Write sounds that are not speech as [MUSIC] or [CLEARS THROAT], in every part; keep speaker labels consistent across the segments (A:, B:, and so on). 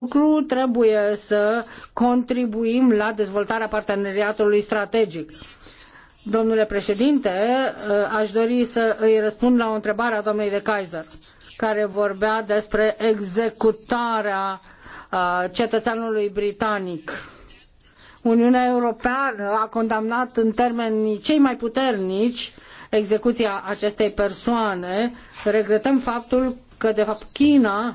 A: lucru trebuie să contribuim la dezvoltarea parteneriatului strategic. Domnule președinte, eh, aș dori să îi răspund la o întrebare a domnului de Kaiser, care vorbea despre executarea eh, cetățeanului britanic. Uniunea Europeană a condamnat în termenii cei mai puternici execuția acestei persoane. Regretăm faptul că, de fapt, China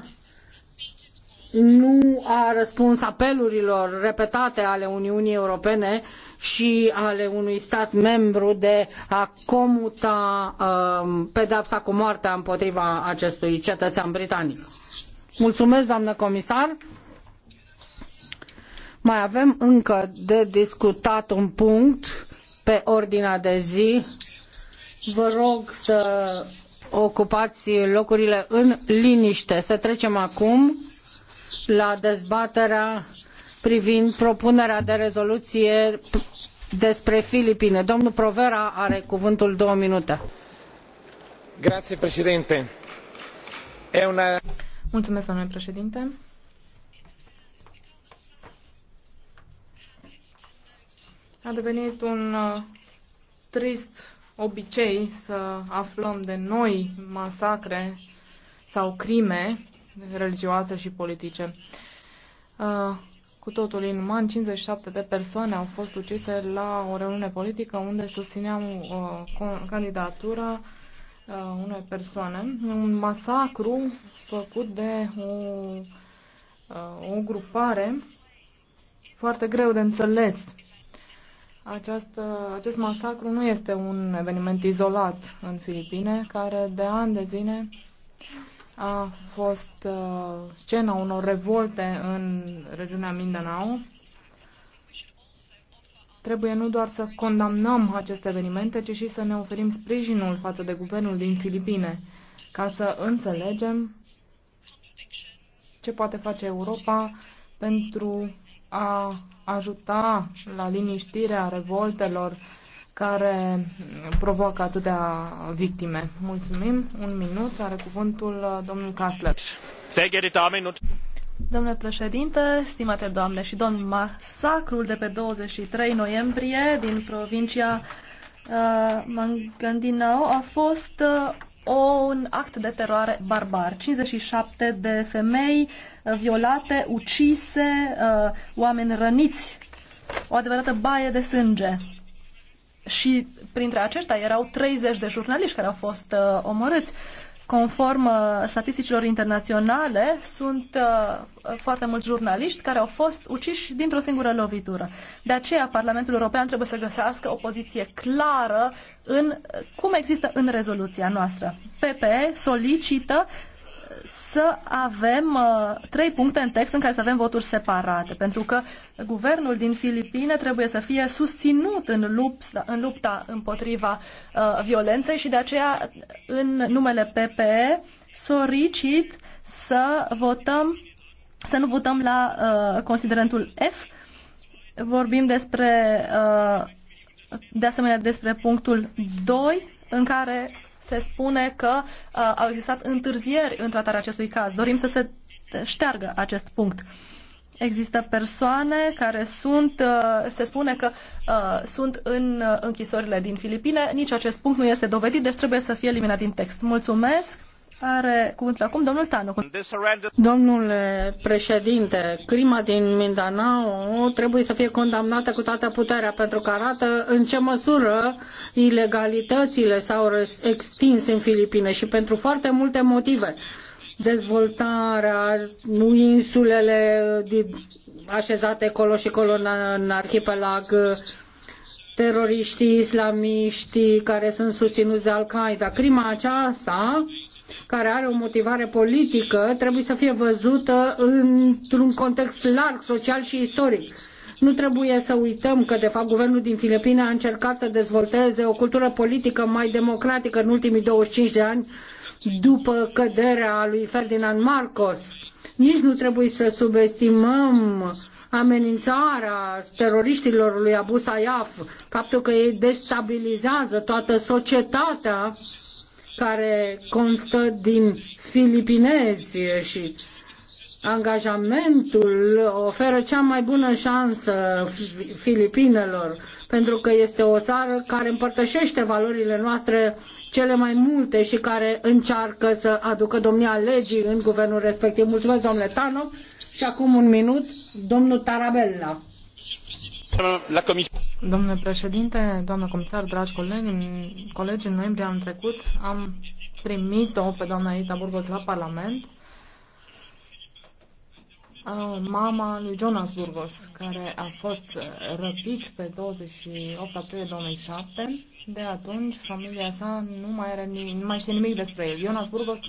A: nu a răspuns apelurilor repetate ale Uniunii Europene și ale unui stat membru de a comuta um, pedapsa cu moartea împotriva acestui cetățean britanic. Mulțumesc, doamnă comisar. Mai avem încă de discutat un punct pe ordinea de zi. Vă rog să ocupați locurile în liniște. Să trecem acum la dezbaterea privind propunerea de rezoluție despre Filipine. Domnul Provera are cuvântul două minute.
B: Grazie, președinte. E una...
A: Mulțumesc, domnule președinte.
B: A devenit un uh, trist obicei să aflăm de noi masacre sau crime religioase și politice. Uh, cu totul în man, 57 de persoane au fost ucise la o reuniune politică unde susțineam uh, candidatura uh, unei persoane. Un masacru făcut de o, o grupare foarte greu de înțeles. Această, acest masacru nu este un eveniment izolat în Filipine, care de ani de zile a fost uh, scena unor revolte în regiunea Mindanao. Trebuie nu doar să condamnăm aceste evenimente, ci și să ne oferim sprijinul față de guvernul din Filipine, ca să înțelegem ce poate face Europa pentru a ajuta la liniștirea revoltelor care provoacă atâtea victime. Mulțumim.
C: Un minut. Are cuvântul uh, domnul Kassler. Domnule președinte, stimate doamne și domni, masacrul de pe 23 noiembrie din provincia uh, Mangandinau a fost uh, un act de teroare barbar. 57 de femei uh, violate, ucise, uh, oameni răniți. O adevărată baie de sânge și printre aceștia erau 30 de jurnaliști care au fost uh, omorâți. Conform uh, statisticilor internaționale, sunt uh, foarte mulți jurnaliști care au fost uciși dintr-o singură lovitură. De aceea, Parlamentul European trebuie să găsească o poziție clară în cum există în rezoluția noastră. PPE solicită uh, să avem uh, trei puncte în text în care să avem voturi separate, pentru că guvernul din Filipine trebuie să fie susținut în, lupta, în lupta împotriva uh, violenței și de aceea în numele PPE solicit să votăm să nu votăm la uh, considerentul F. Vorbim despre de asemenea despre punctul 2 în care se spune că uh, au existat întârzieri în tratarea acestui caz. Dorim să se șteargă acest punct. Există persoane care sunt, uh, se spune că uh, sunt în uh, închisorile din Filipine. Nici acest punct nu este dovedit, deci trebuie să fie eliminat din text. Mulțumesc! Are cuvântul acum domnul Tanu.
A: Domnule președinte, crima din Mindanao trebuie să fie condamnată cu toată puterea pentru că arată în ce măsură ilegalitățile s-au extins în Filipine și pentru foarte multe motive. Dezvoltarea, insulele așezate colo și colo în arhipelag, teroriștii islamiști care sunt susținuți de Al-Qaeda. Crima aceasta care are o motivare politică trebuie să fie văzută într-un context larg, social și istoric. Nu trebuie să uităm că, de fapt, guvernul din Filipine a încercat să dezvolteze o cultură politică mai democratică în ultimii 25 de ani după căderea lui Ferdinand Marcos. Nici nu trebuie să subestimăm amenințarea teroriștilor lui Abu Sayyaf, faptul că ei destabilizează toată societatea care constă din filipinezi și angajamentul oferă cea mai bună șansă Filipinelor, pentru că este o țară care împărtășește valorile noastre cele mai multe și care încearcă să aducă domnia legii în guvernul respectiv. Mulțumesc, domnule Tano. Și acum un minut, domnul Tarabella.
B: La comisie. Domnule președinte, doamnă comisar, dragi colegi, colegi, în noiembrie anul trecut am primit-o pe doamna Ita Burgos la Parlament, mama lui Jonas Burgos, care a fost răpit pe 28 aprilie 2007. De atunci, familia sa nu mai, are, nu mai știe nimic despre el. Jonas Burgos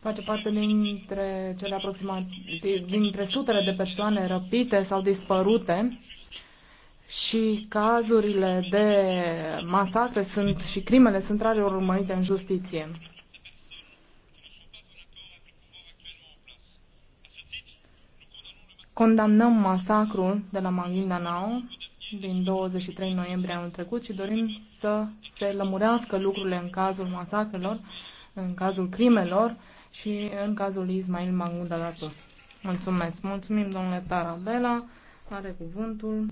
B: face parte dintre cele aproximativ, dintre sutele de persoane răpite sau dispărute și cazurile de masacre sunt, și crimele sunt rare urmărite în justiție. Condamnăm masacrul de la Maguindanao din 23 noiembrie anul trecut și dorim să se lămurească lucrurile în cazul masacrelor, în cazul crimelor și în cazul Ismail Magundalatu. Mulțumesc. Mulțumim, domnule Tarabela. Are cuvântul.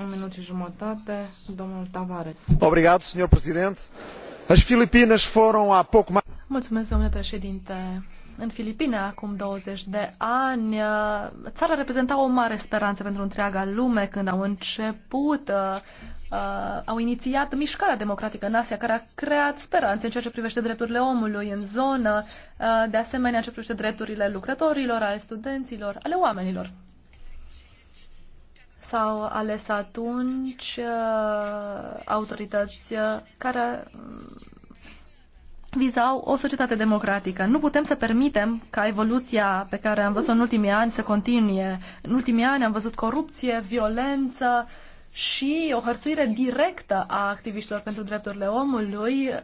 B: Un minut presidente. As Filipinas foram há pouco mais...
C: Mulțumesc, domnule președinte. În Filipine, acum 20 de ani, țara reprezenta o mare speranță pentru întreaga lume când au început, uh, uh, au inițiat mișcarea democratică în Asia, care a creat speranțe în ceea ce privește drepturile omului în zonă, uh, de asemenea în ceea ce privește drepturile lucrătorilor, ale studenților, ale oamenilor s-au ales atunci uh, autorități uh, care mm, vizau o societate democratică. Nu putem să permitem ca evoluția pe care am văzut-o în ultimii ani să continue. În ultimii ani am văzut corupție, violență și o hărțuire directă a activiștilor pentru drepturile omului, uh,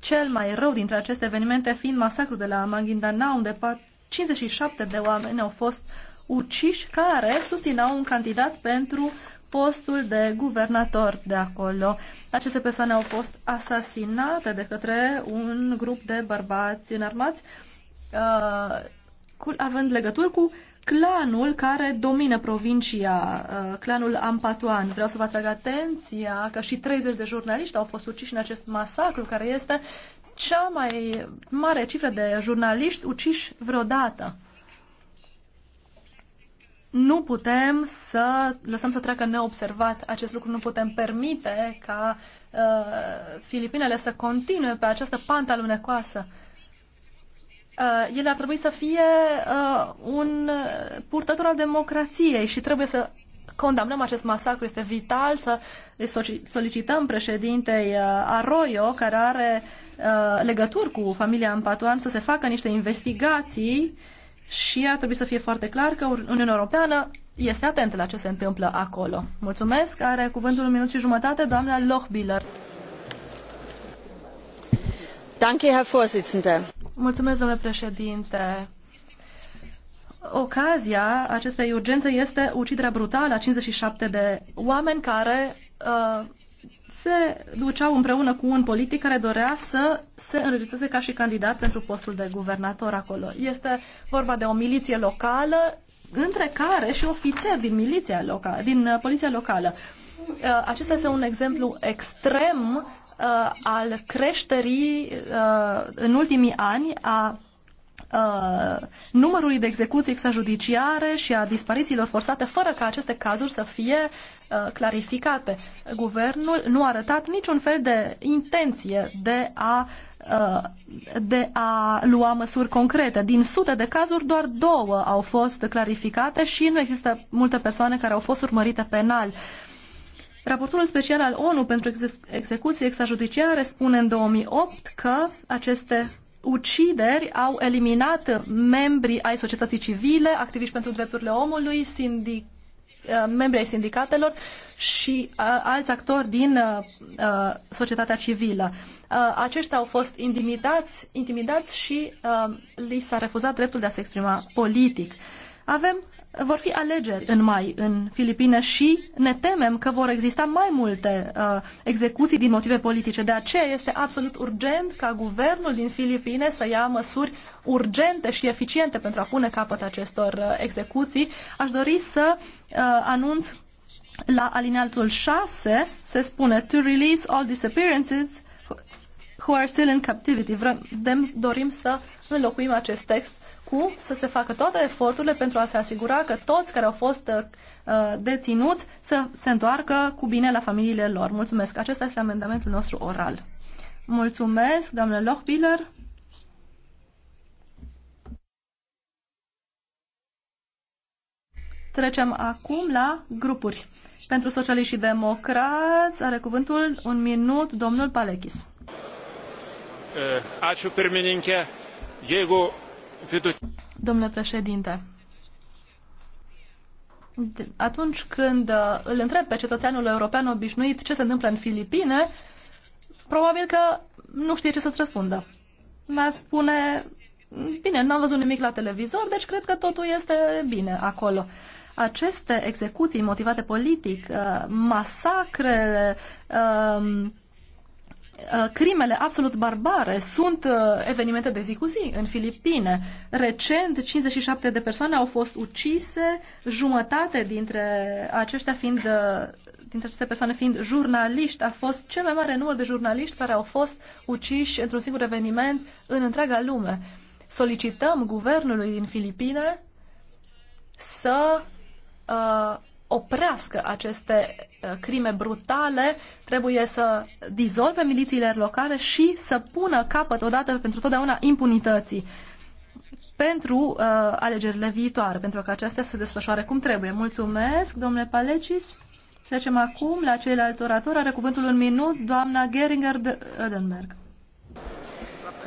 C: cel mai rău dintre aceste evenimente fiind masacrul de la Maguindanao, unde 57 de oameni au fost uciși care susțineau un candidat pentru postul de guvernator de acolo. Aceste persoane au fost asasinate de către un grup de bărbați înarmați, uh, având legături cu clanul care domină provincia, uh, clanul Ampatuan. Vreau să vă atrag atenția că și 30 de jurnaliști au fost uciși în acest masacru, care este cea mai mare cifră de jurnaliști uciși vreodată nu putem să lăsăm să treacă neobservat acest lucru, nu putem permite ca uh, Filipinele să continue pe această pantă alunecoasă. Uh, ele ar trebui să fie uh, un purtător al democrației și trebuie să condamnăm acest masacru. Este vital să solicităm președintei uh, Arroyo, care are uh, legături cu familia Ampatuan, să se facă niște investigații uh, și ar trebui să fie foarte clar că Uniunea Europeană este atentă la ce se întâmplă acolo. Mulțumesc. Are cuvântul un minut și jumătate doamna Lochbiller. Danke, Herr Mulțumesc, domnule președinte. Ocazia acestei urgențe este uciderea brutală a 57 de oameni care uh, se duceau împreună cu un politic care dorea să se înregistreze ca și candidat pentru postul de guvernator acolo. Este vorba de o miliție locală, între care și ofițeri din, miliția locală, din uh, poliția locală. Uh, acesta este un exemplu extrem uh, al creșterii în ultimii ani a Uh, numărului de execuții extrajudiciare și a disparițiilor forțate, fără ca aceste cazuri să fie uh, clarificate. Guvernul nu a arătat niciun fel de intenție de a uh, de a lua măsuri concrete. Din sute de cazuri, doar două au fost clarificate și nu există multe persoane care au fost urmărite penal. Raportul special al ONU pentru execuții extrajudiciare spune în 2008 că aceste ucideri au eliminat membrii ai societății civile, activiști pentru drepturile omului, sindic, uh, membri ai sindicatelor și uh, alți actori din uh, societatea civilă. aceștia au fost intimidați, intimidați și li s-a refuzat dreptul de a se exprima politic. Avem vor fi alegeri în mai în Filipine și ne temem că vor exista mai multe uh, execuții din motive politice. De aceea este absolut urgent ca guvernul din Filipine să ia măsuri urgente și eficiente pentru a pune capăt acestor uh, execuții. Aș dori să uh, anunț la alineatul 6 se spune to release all disappearances who are still in captivity. Vrem, dorim să înlocuim acest text cu să se facă toate eforturile pentru a se asigura că toți care au fost uh, deținuți să se întoarcă cu bine la familiile lor. Mulțumesc. Acesta este amendamentul nostru oral. Mulțumesc, doamnă Lochbiller. Trecem acum la grupuri. Pentru socialiști și democrați are cuvântul un minut domnul Palechis. Aciu pirmininkė. Jeigu Domnule președinte, atunci când uh, îl întreb pe cetățeanul european obișnuit ce se întâmplă în Filipine, probabil că nu știe ce să-ți răspundă. Mi-a spune, bine, n-am văzut nimic la televizor, deci cred că totul este bine acolo. Aceste execuții motivate politic, uh, masacre, um, Uh, crimele absolut barbare sunt uh, evenimente de zi cu zi în Filipine. Recent, 57 de persoane au fost ucise, jumătate dintre aceștia fiind uh, dintre aceste persoane fiind jurnaliști, a fost cel mai mare număr de jurnaliști care au fost uciși într-un singur eveniment în întreaga lume. Solicităm guvernului din Filipine să uh, oprească aceste uh, crime brutale, trebuie să dizolve milițiile locale și să pună capăt odată pentru totdeauna impunității pentru uh, alegerile viitoare, pentru că acestea se desfășoare cum trebuie. Mulțumesc, domnule Palecis. Trecem acum la ceilalți oratori. Are cuvântul un minut doamna Geringer de Ödenberg.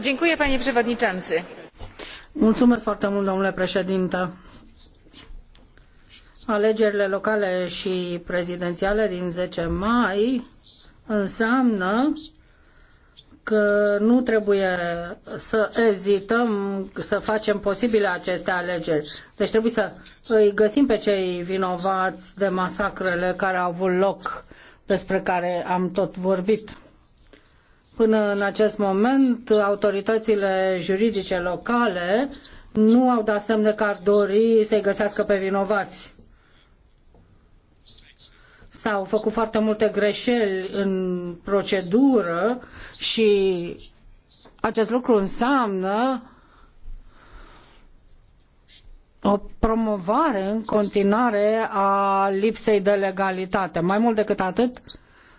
A: Dziękuję, panie przewodniczący. Mulțumesc foarte mult, domnule președinte Alegerile locale și prezidențiale din 10 mai înseamnă că nu trebuie să ezităm să facem posibile aceste alegeri. Deci trebuie să îi găsim pe cei vinovați de masacrele care au avut loc, despre care am tot vorbit. Până în acest moment, autoritățile juridice locale nu au dat semne că ar dori să-i găsească pe vinovați. S-au făcut foarte multe greșeli în procedură și acest lucru înseamnă o promovare în continuare a lipsei de legalitate. Mai mult decât atât,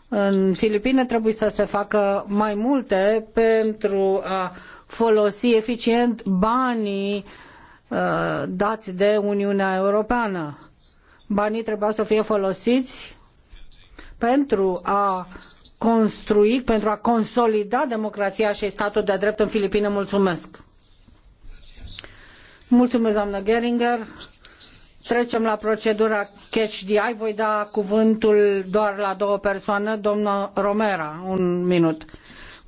A: în Filipine trebuie să se facă mai multe pentru a folosi eficient banii uh, dați de Uniunea Europeană. Banii trebuiau să fie folosiți pentru a construi, pentru a consolida democrația și statul de drept în Filipine. Mulțumesc! Mulțumesc, doamnă Geringer. Trecem la procedura catch the eye. Voi da cuvântul doar la două persoane. Domnul Romera, un minut.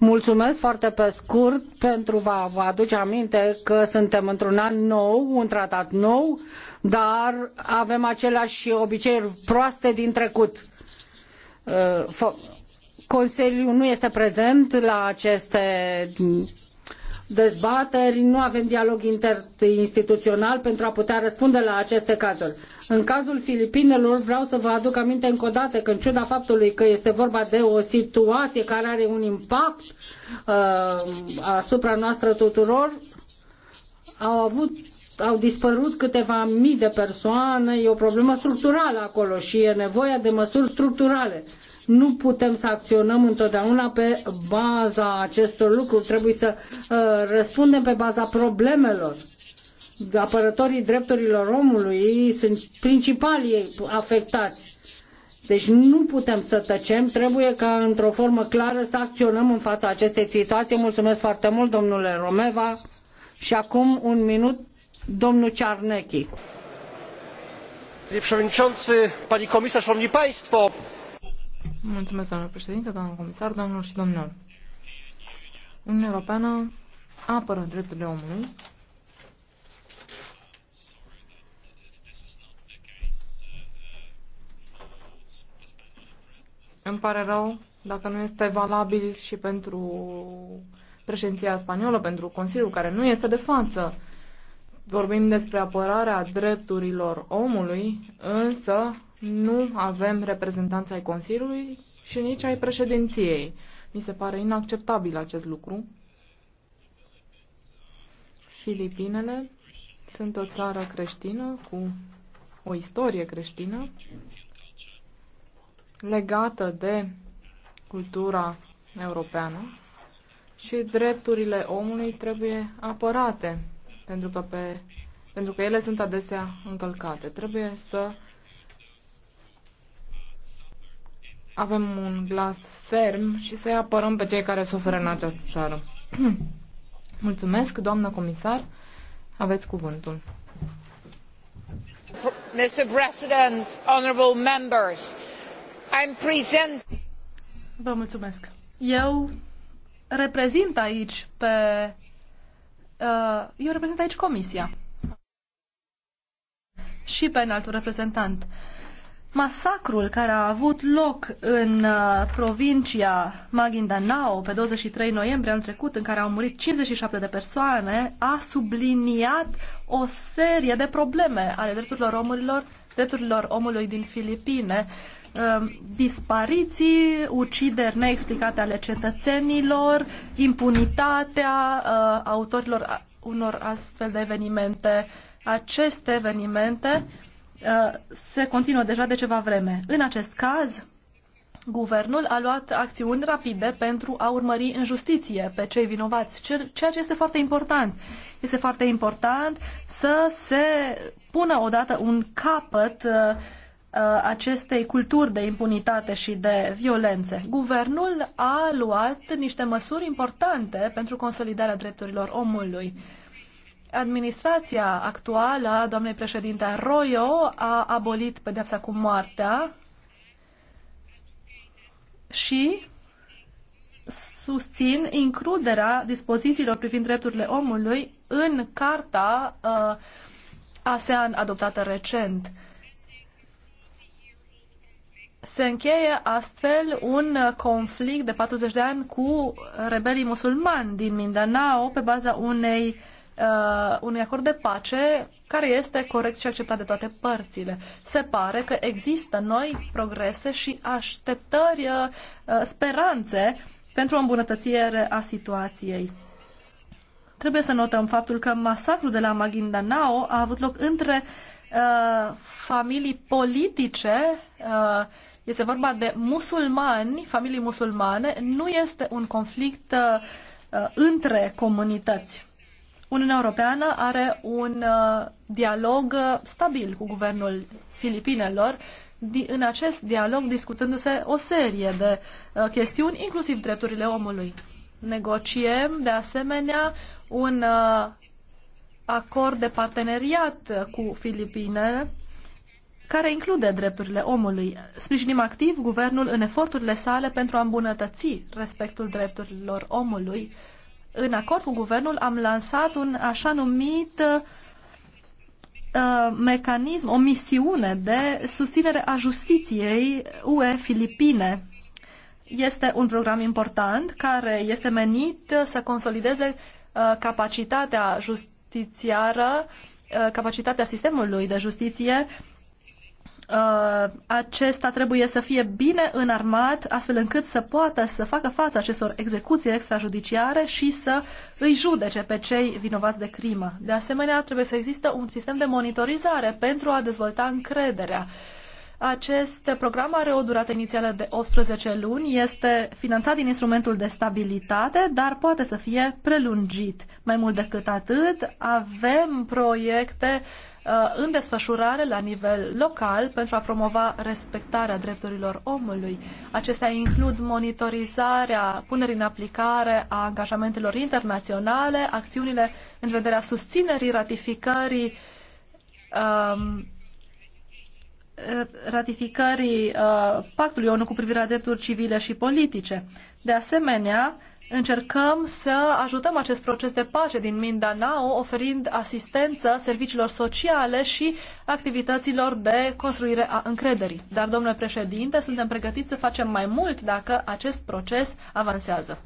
A: Mulțumesc foarte pe scurt pentru a vă aduce aminte că suntem într-un an nou, un tratat nou, dar avem aceleași obiceiuri proaste din trecut. Uh, Consiliul nu este prezent la aceste dezbateri, nu avem dialog interinstituțional pentru a putea răspunde la aceste cazuri. În cazul Filipinelor vreau să vă aduc aminte încă o dată că în ciuda faptului că este vorba de o situație care are un impact uh, asupra noastră tuturor, au avut au dispărut câteva mii de persoane, e o problemă structurală acolo și e nevoie de măsuri structurale. Nu putem să acționăm întotdeauna pe baza acestor lucruri, trebuie să uh, răspundem pe baza problemelor apărătorii drepturilor omului sunt principalii afectați. Deci nu putem să tăcem, trebuie ca într-o formă clară să acționăm în fața acestei situații. Mulțumesc foarte mult, domnule Romeva. Și acum un minut, domnul Cearnechi.
B: Mulțumesc, domnule președinte, domnul comisar, domnul și domnilor. Uniunea Europeană apără drepturile omului Îmi pare rău dacă nu este valabil și pentru președinția spaniolă, pentru Consiliul care nu este de față. Vorbim despre apărarea drepturilor omului, însă nu avem reprezentanța ai Consiliului și nici ai președinției. Mi se pare inacceptabil acest lucru. Filipinele sunt o țară creștină cu o istorie creștină legată de cultura europeană și drepturile omului trebuie apărate, pentru că, pe, pentru că ele sunt adesea încălcate. Trebuie să avem un glas ferm și să-i apărăm pe cei care suferă în această țară. [CLEARS THROAT] Mulțumesc, doamnă comisar. Aveți cuvântul.
A: Mr. President, honorable
B: members, Vă mulțumesc.
C: Eu reprezint aici pe... Uh, eu reprezint aici Comisia și pe înaltul reprezentant. Masacrul care a avut loc în uh, provincia Maguindanao pe 23 noiembrie anul trecut, în care au murit 57 de persoane, a subliniat o serie de probleme ale drepturilor omurilor, drepturilor omului din Filipine Um, dispariții, ucideri neexplicate ale cetățenilor, impunitatea uh, autorilor unor astfel de evenimente. Aceste evenimente uh, se continuă deja de ceva vreme. În acest caz, guvernul a luat acțiuni rapide pentru a urmări în justiție pe cei vinovați, ceea ce este foarte important. Este foarte important să se pună odată un capăt uh, Uh, acestei culturi de impunitate și de violențe. Guvernul a luat niște măsuri importante pentru consolidarea drepturilor omului. Administrația actuală a doamnei președinte Arroyo a abolit pedeapsa cu moartea și susțin includerea dispozițiilor privind drepturile omului în carta uh, ASEAN adoptată recent se încheie astfel un conflict de 40 de ani cu rebelii musulmani din Mindanao pe baza unei, uh, unui acord de pace care este corect și acceptat de toate părțile. Se pare că există noi progrese și așteptări, uh, speranțe pentru o îmbunătățire a situației. Trebuie să notăm faptul că masacrul de la Maguindanao a avut loc între uh, familii politice uh, este vorba de musulmani, familii musulmane, nu este un conflict uh, uh între comunități. Uniunea Europeană are un uh, dialog uh, stabil cu guvernul Filipinelor, di- în acest dialog discutându-se o serie de uh, chestiuni, inclusiv drepturile omului. Negociem, de asemenea, un uh, acord de parteneriat cu Filipinele care include drepturile omului. Sprijinim activ guvernul în eforturile sale pentru a îmbunătăți respectul drepturilor omului. În acord cu guvernul am lansat un așa numit uh, mecanism, o misiune de susținere a justiției UE Filipine. Este un program important care este menit să consolideze uh, capacitatea justițiară, uh, capacitatea sistemului de justiție Uh, acesta trebuie să fie bine înarmat, astfel încât să poată să facă față acestor execuții extrajudiciare și să îi judece pe cei vinovați de crimă. De asemenea, trebuie să există un sistem de monitorizare pentru a dezvolta încrederea. Acest program are o durată inițială de 18 luni, este finanțat din instrumentul de stabilitate, dar poate să fie prelungit. Mai mult decât atât, avem proiecte uh, Uh, în desfășurare la nivel local pentru a promova respectarea drepturilor omului. Acestea includ monitorizarea, punerii în aplicare a angajamentelor internaționale, acțiunile în vederea susținerii ratificării um, ratificării uh, pactului ONU cu privire la drepturi civile și politice. De asemenea, uh, Încercăm să ajutăm acest proces de pace din Mindanao, oferind asistență serviciilor sociale și activităților de construire a încrederii. Dar, domnule președinte, suntem pregătiți să facem mai mult dacă acest proces avansează.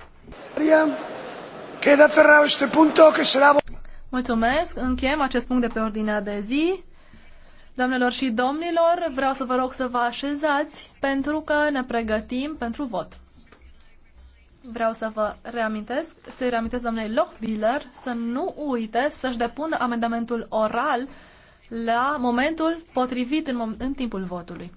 C: Mulțumesc. Încheiem acest punct de pe ordinea de zi. Doamnelor și domnilor, vreau să vă rog să vă așezați pentru că ne pregătim pentru vot vreau să vă reamintesc, să-i reamintesc doamnei Lochbiller să nu uite să-și depună amendamentul oral la momentul potrivit în, mom- în timpul votului.